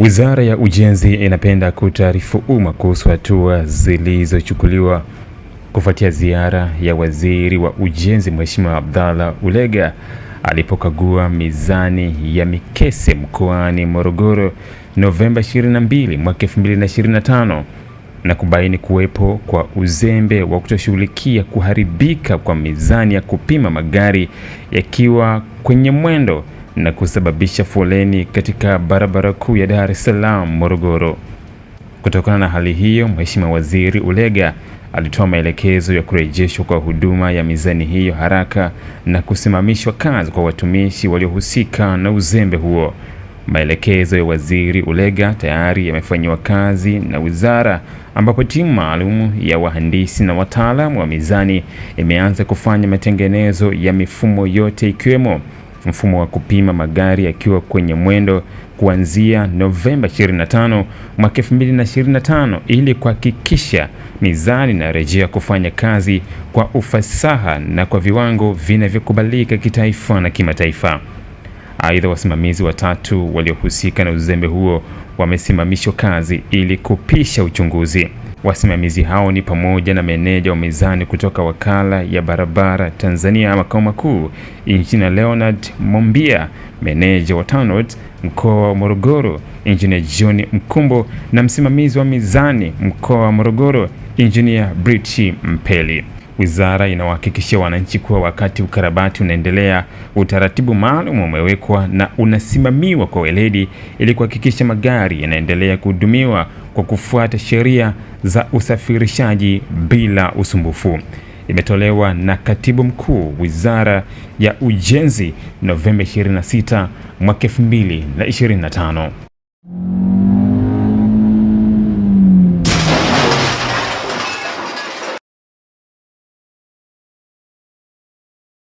Wizara ya Ujenzi inapenda kutaarifu umma kuhusu hatua zilizochukuliwa kufuatia ziara ya Waziri wa Ujenzi Mheshimiwa Abdalla Ulega alipokagua mizani ya Mikese mkoani Morogoro Novemba 22 mwaka 2025 na kubaini kuwepo kwa uzembe wa kutoshughulikia kuharibika kwa mizani ya kupima magari yakiwa kwenye mwendo na kusababisha foleni katika barabara kuu ya Dar es Salaam Morogoro. Kutokana na hali hiyo, Mheshimiwa Waziri Ulega alitoa maelekezo ya kurejeshwa kwa huduma ya mizani hiyo haraka na kusimamishwa kazi kwa watumishi waliohusika na uzembe huo. Maelekezo ya Waziri Ulega tayari yamefanyiwa kazi na wizara, ambapo timu maalum ya wahandisi na wataalamu wa mizani imeanza kufanya matengenezo ya mifumo yote ikiwemo mfumo wa kupima magari yakiwa kwenye mwendo kuanzia Novemba 25 mwaka 2025 ili kuhakikisha mizani inarejea kufanya kazi kwa ufasaha na kwa viwango vinavyokubalika kitaifa na kimataifa. Aidha, wasimamizi watatu waliohusika na uzembe huo wamesimamishwa kazi ili kupisha uchunguzi. Wasimamizi hao ni pamoja na meneja wa mizani kutoka Wakala ya Barabara Tanzania makao makuu, Injinia Leonard Mombia, meneja wa TANROADS mkoa wa Morogoro, Injinia John Mkumbo na msimamizi wa mizani mkoa wa Morogoro, Injinia Britt Mpeli. Wizara inawahakikishia wananchi kuwa wakati ukarabati unaendelea, utaratibu maalum umewekwa na unasimamiwa kwa weledi ili kuhakikisha magari yanaendelea kuhudumiwa kwa kufuata sheria za usafirishaji bila usumbufu. Imetolewa na Katibu Mkuu Wizara ya Ujenzi Novemba 26 mwaka 2025.